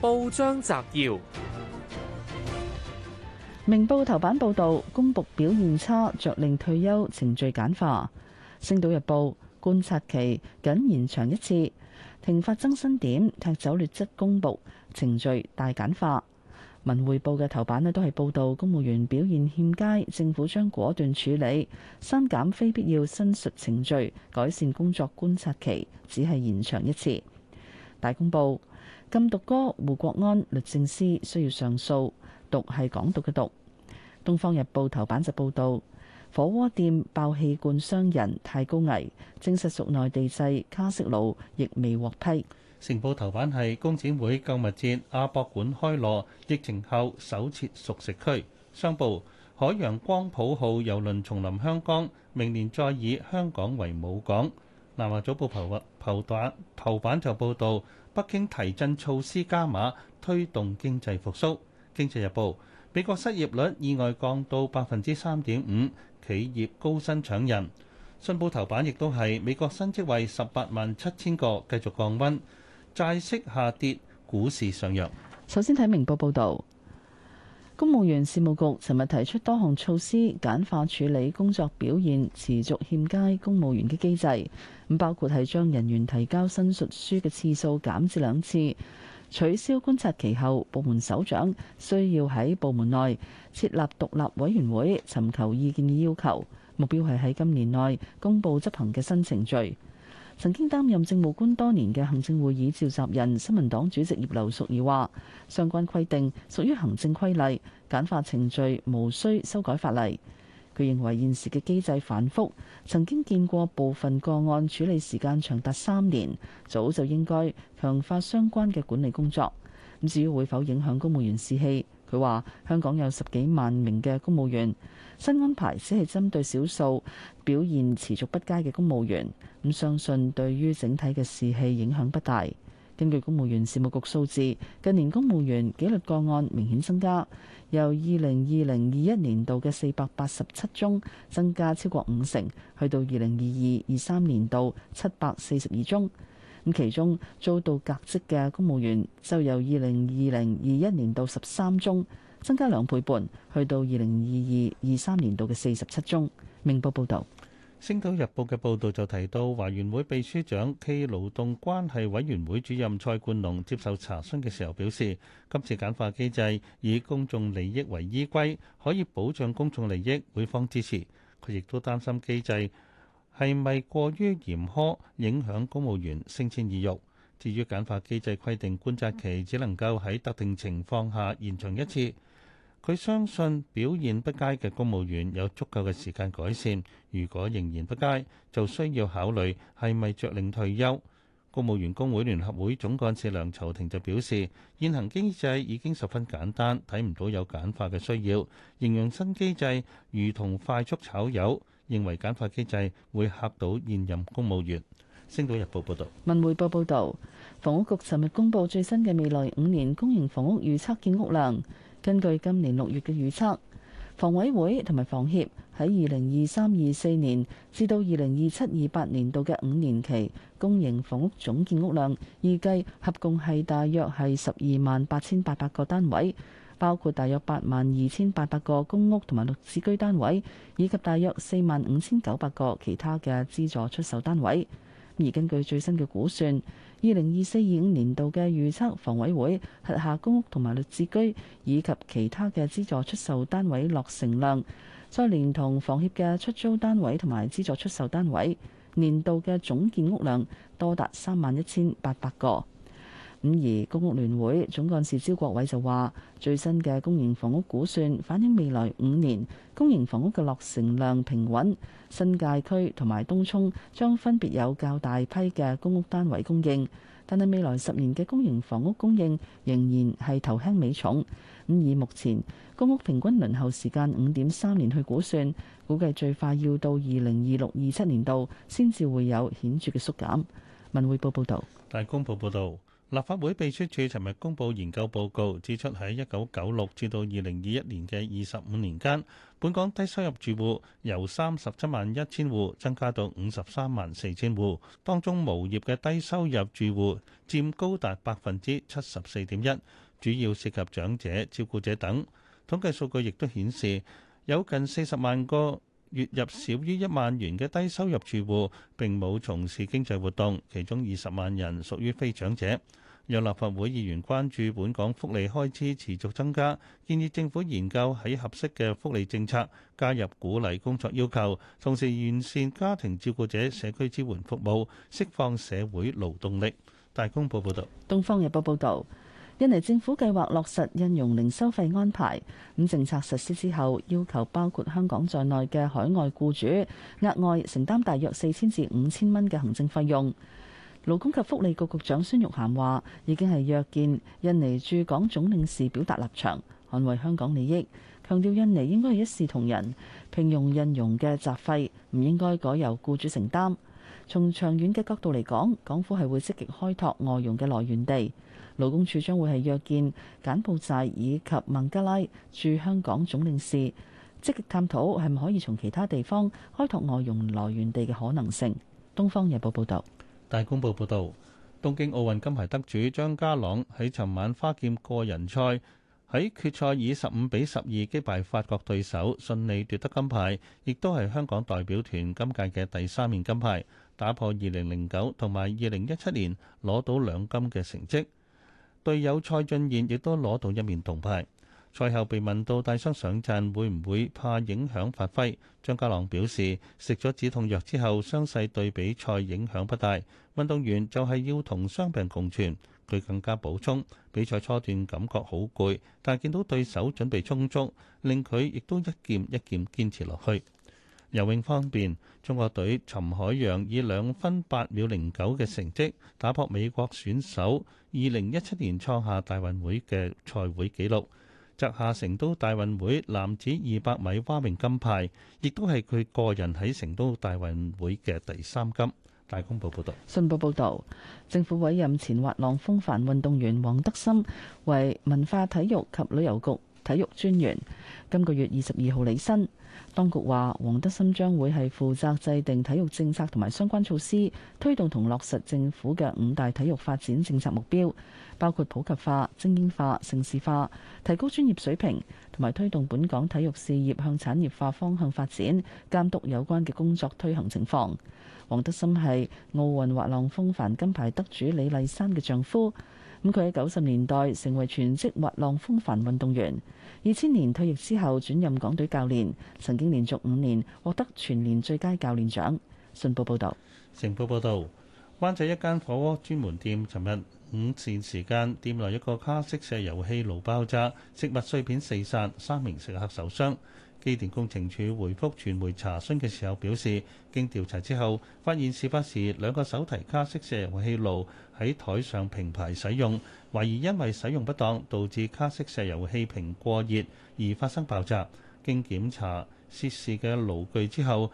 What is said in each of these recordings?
報章摘要：《明報》頭版報道，公僕表現差，着令退休，程序簡化。《星島日報》觀察期僅延長一次，停發增薪點，踢走劣質公僕，程序大簡化。《文匯報》嘅頭版呢都係報道公務員表現欠佳，政府將果斷處理，刪減非必要申述程序，改善工作觀察期，只係延長一次。《大公報》。禁毒歌胡國安律政司需要上訴，毒係港獨嘅毒。《東方日報》頭版就報道火鍋店爆氣罐傷人太高危，證實屬內地製卡式爐，亦未獲批。《成報》頭版係工展會購物節，亞博館開鑼，疫情後首設熟食區。商報，《海洋光譜號》郵輪重臨香港，明年再以香港為母港。《南華早報》頭頭版頭版就報道。北京提振措施加碼推動經濟復甦。經濟日報，美國失業率意外降到百分之三點五，企業高薪搶人。信報頭版亦都係美國新職位十八萬七千個繼續降温，債息下跌，股市上揚。首先睇明報報導。公務員事務局尋日提出多項措施，簡化處理工作表現持續欠佳公務員嘅機制，咁包括係將人員提交申述書嘅次數減至兩次，取消觀察期後部門首長需要喺部門內設立獨立委員會尋求意見嘅要求，目標係喺今年內公佈執行嘅新程序。曾經擔任政務官多年嘅行政會議召集人、新民黨主席葉劉淑儀話：相關規定屬於行政規例，簡化程序無需修改法例。佢認為現時嘅機制繁複，曾經見過部分個案處理時間長達三年，早就應該強化相關嘅管理工作。咁至於會否影響公務員士氣？佢話：香港有十幾萬名嘅公務員，新安排只係針對少數表現持續不佳嘅公務員，咁相信對於整體嘅士氣影響不大。根據公務員事務局數字，近年公務員紀律個案明顯增加，由二零二零二一年度嘅四百八十七宗增加超過五成，去到二零二二二三年度七百四十二宗。其中遭到革職嘅公務員就由二零二零二一年到十三宗增加兩倍半，去到二零二二、二三年度嘅四十七宗。明報報導，《星島日報》嘅報導就提到，華員會秘書長暨勞動關係委員會主任蔡冠龍接受查詢嘅時候表示，今次簡化機制以公眾利益為依歸，可以保障公眾利益，會方支持。佢亦都擔心機制，係咪過於嚴苛影響公務員升遷意欲？至於簡化機制規定觀察期只能夠喺特定情況下延長一次，佢相信表現不佳嘅公務員有足夠嘅時間改善。如果仍然不佳，就需要考慮係咪著令退休。公務員工會聯合會總幹事梁籌庭就表示：現行機制已經十分簡單，睇唔到有簡化嘅需要。形容新機制如同快速炒魷。認為簡化機制會嚇到現任公務員。星島日報報導。文匯報報導，房屋局尋日公布最新嘅未來五年公營房屋預測建屋量。根據今年六月嘅預測，房委會同埋房協喺二零二三、二四年至到二零二七、二八年度嘅五年期公營房屋總建屋量，預計合共係大約係十二萬八千八百個單位。包括大約八萬二千八百個公屋同埋綠置居單位，以及大約四萬五千九百個其他嘅資助出售單位。而根據最新嘅估算，二零二四二五年度嘅預測，房委會轄下公屋同埋綠置居以及其他嘅資助出售單位落成量，再連同房協嘅出租單位同埋資助出售單位年度嘅總建屋量，多達三萬一千八百個。咁而公屋聯會總幹事招國偉就話：最新嘅公營房屋估算反映未來五年公營房屋嘅落成量平穩，新界區同埋東涌將分別有較大批嘅公屋單位供應，但係未來十年嘅公營房屋供應仍然係頭輕尾重。咁以目前公屋平均輪候時間五點三年去估算，估計最快要到二零二六二七年度先至會有顯著嘅縮減。文匯報報道。大公報報導。立法會秘書處尋日公佈研究報告，指出喺一九九六至到二零二一年嘅二十五年間，本港低收入住戶由三十七萬一千戶增加到五十三萬四千戶，當中無業嘅低收入住戶佔高達百分之七十四點一，主要涉及長者、照顧者等。統計數據亦都顯示，有近四十萬個月入少於一萬元嘅低收入住戶並冇從事經濟活動，其中二十萬人屬於非長者。有立法會議員關注本港福利開支持續增加，建議政府研究喺合適嘅福利政策加入鼓勵工作要求，同時完善家庭照顧者社區支援服務，釋放社會勞動力。大公報報道，東方日報報道，印尼政府計劃落實印傭零收費安排。咁政策實施之後，要求包括香港在內嘅海外僱主額外承擔大約四千至五千蚊嘅行政費用。勞工及福利局局長孫玉涵話：已經係約見印尼駐港總領事，表達立場，捍衛香港利益，強調印尼應該係一視同仁，聘用印傭嘅雜費唔應該改由雇主承擔。從長遠嘅角度嚟講，港府係會積極開拓外傭嘅來源地。勞工處將會係約見柬埔寨以及孟加拉駐香港總領事，積極探討係咪可以從其他地方開拓外傭來源地嘅可能性。《東方日報》報道。大公報報導，東京奧運金牌得主張家朗喺尋晚花劍個人賽喺決賽以十五比十二擊敗法國對手，順利奪得金牌，亦都係香港代表團今屆嘅第三面金牌，打破二零零九同埋二零一七年攞到兩金嘅成績。隊友蔡俊彥亦都攞到一面銅牌。賽後被問到帶傷上陣會唔會怕影響發揮，張家朗表示食咗止痛藥之後，傷勢對比賽影響不大。運動員就係要同傷病共存。佢更加補充，比賽初段感覺好攰，但見到對手準備充足，令佢亦都一劍一劍堅持落去。游泳方面，中國隊陳海洋以兩分八秒零九嘅成績打破美國選手二零一七年創下大運會嘅賽會紀錄。摘下成都大運會男子二百米蛙泳金牌，亦都係佢個人喺成都大運會嘅第三金。大公報報道，信報報道，政府委任前滑浪風帆運動員黃德森為文化體育及旅遊局體育專員今個月二十二號履新，當局話黃德森將會係負責制定體育政策同埋相關措施，推動同落實政府嘅五大體育發展政策目標，包括普及化、精英化、城市化、提高專業水平同埋推動本港體育事業向產業化方向發展，監督有關嘅工作推行情況。黃德森係奧運滑浪風帆金牌得主李麗珊嘅丈夫。咁佢喺九十年代成為全職滑浪風帆運動員，二千年退役之後轉任港隊教練，曾經連續五年獲得全年最佳教練獎。信報報道：晴報報導，灣仔一間火鍋專門店，尋日午膳時間，店內一個卡式石油氣爐爆炸，食物碎片四散，三名食客受傷。機電工程署回覆傳媒查詢嘅時候表示，經調查之後發現事發時兩個手提卡式石油氣爐喺台上平排使用，懷疑因為使用不當導致卡式石油氣瓶過熱而發生爆炸。經檢查涉事嘅爐具之後，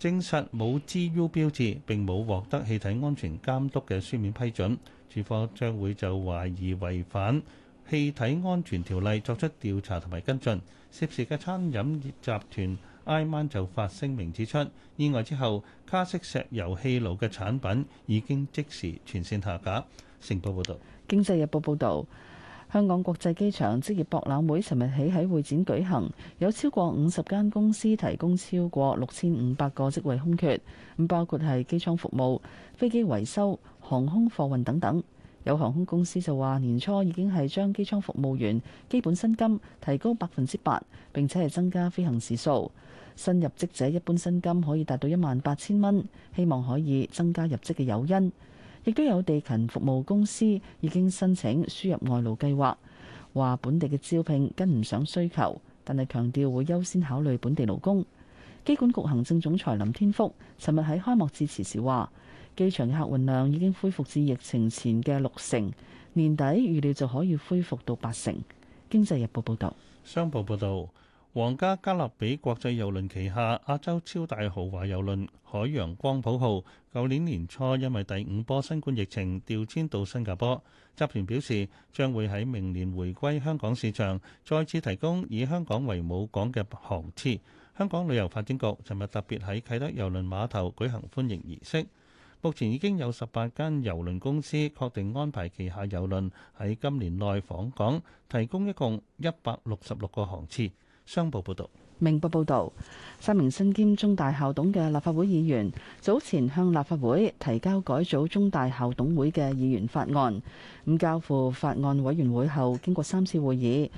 證實冇 GU 標誌，並冇獲得氣體安全監督嘅書面批准。署方將會就懷疑違反氣體安全條例作出調查同埋跟進。涉事嘅餐飲業集團 Iman 就發聲明指出，意外之後，卡式石油氣爐嘅產品已經即時全線下架。成報報導，《經濟日報》報導，香港國際機場職業博覽會尋日起喺會展舉行，有超過五十間公司提供超過六千五百個職位空缺，咁包括係機艙服務、飛機維修、航空貨運等等。有航空公司就話年初已經係將機艙服務員基本薪金提高百分之八，並且係增加飛行時數。新入職者一般薪金可以達到一萬八千蚊，希望可以增加入職嘅誘因。亦都有地勤服務公司已經申請輸入外勞計劃，話本地嘅招聘跟唔上需求，但係強調會優先考慮本地勞工。機管局行政總裁林天福尋日喺開幕致辭時話。機場客運量已經恢復至疫情前嘅六成，年底預料就可以恢復到八成。經濟日報報導，商報報導，皇家加勒比國際郵輪旗下亞洲超大豪華郵輪海洋光譜號，舊年年初因為第五波新冠疫情調遷到新加坡，集團表示將會喺明年回歸香港市場，再次提供以香港為母港嘅航次。香港旅遊發展局尋日特別喺啟德郵輪碼頭舉行歡迎儀式。目前已經有十八間郵輪公司確定安排旗下郵輪喺今年內訪港，提供一共一百六十六個航次。商報報道。明報報道，三名身兼中大校董嘅立法會議員早前向立法會提交改組中大校董會嘅議員法案，咁交付法案委員會後，經過三次會議，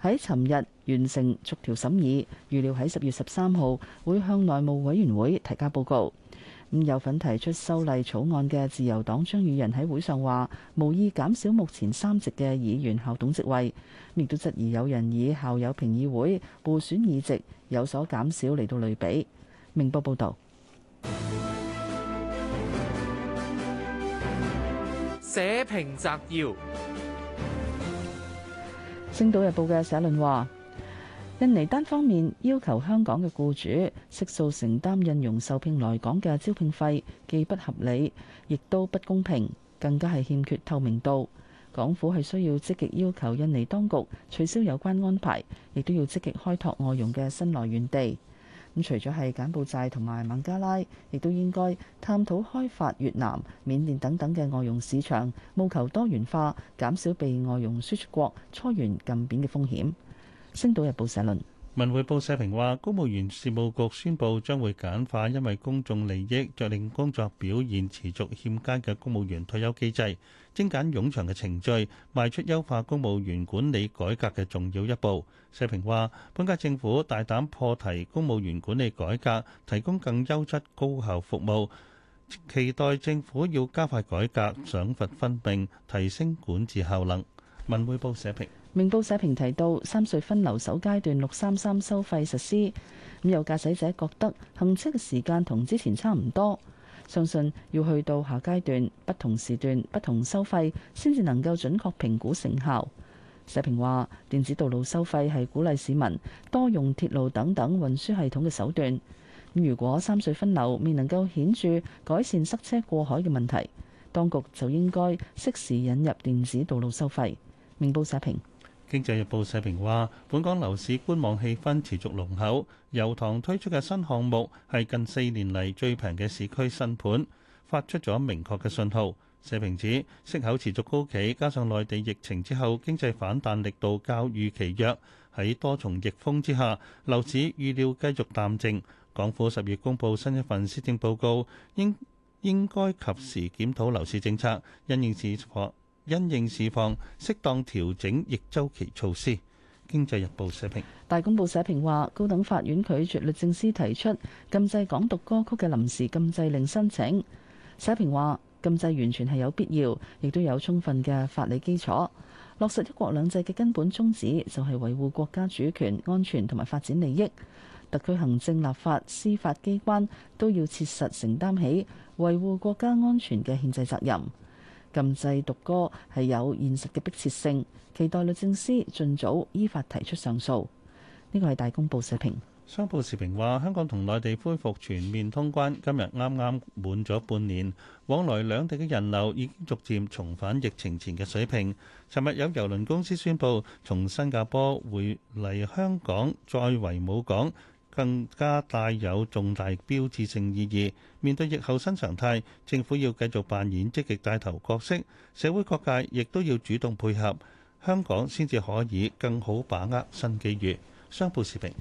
喺尋日完成逐條審議，預料喺十月十三號會向內務委員會提交報告。有份提出修例草案嘅自由黨張宇人喺會上話，無意減少目前三席嘅議員校董職位，亦都質疑有人以校友評議會互選議席有所減少嚟到類比。明報報道。社評摘要，《星島日報》嘅社論話。印尼單方面要求香港嘅雇主悉數承擔印傭受聘來港嘅招聘費，既不合理，亦都不公平，更加係欠缺透明度。港府係需要積極要求印尼當局取消有關安排，亦都要積極開拓外傭嘅新來源地。咁、嗯、除咗係柬埔寨同埋孟加拉，亦都應該探討開發越南、緬甸等等嘅外傭市場，務求多元化，減少被外傭輸出國初原禁扁嘅風險。《星島日報》社論：文匯報社評話，公務員事務局宣布將會簡化，因為公眾利益，著令工作表現持續欠佳嘅公務員退休機制精簡冗長嘅程序，邁出優化公務員管理改革嘅重要一步。社評話，本屆政府大膽破題公務員管理改革，提供更優質高效服務，期待政府要加快改革，賞罰分明，提升管治效能。文匯報社評。明報社評提到，三隧分流首階段六三三收費實施，咁有駕駛者覺得行車嘅時間同之前差唔多，相信要去到下階段不同時段不同收費，先至能夠準確評估成效。社評話，電子道路收費係鼓勵市民多用鐵路等等運輸系統嘅手段。咁如果三隧分流未能夠顯著改善塞車過海嘅問題，當局就應該適時引入電子道路收費。明報社評。經濟日報社評話：本港樓市觀望氣氛持續濃厚，油塘推出嘅新項目係近四年嚟最平嘅市區新盤，發出咗明確嘅信號。社評指息口持續高企，加上內地疫情之後經濟反彈力度較預期弱，喺多重逆風之下，樓市預料繼續淡靜。港府十月公佈新一份施政報告，應應該及時檢討樓市政策，因應市因應時況，適當調整逆周期措施。經濟日報社評。大公報社評話，高等法院拒絕律政司提出禁制港獨歌曲嘅臨時禁制令申請。社評話，禁制完全係有必要，亦都有充分嘅法理基礎。落實一國兩制嘅根本宗旨，就係維護國家主權、安全同埋發展利益。特區行政、立法、司法機關都要切實承擔起維護國家安全嘅憲制責任。禁制獨歌係有現實嘅迫切性，期待律政司盡早依法提出上訴。呢個係大公報社評。商報時評話，香港同內地恢復全面通關今日啱啱滿咗半年，往來兩地嘅人流已經逐漸重返疫情前嘅水平。尋日有郵輪公司宣布從新加坡回嚟香港，再為母港。更加帶有重大標誌性意義。面對疫後新常態，政府要繼續扮演積極帶頭角色，社會各界亦都要主動配合，香港先至可以更好把握新機遇。商報視頻。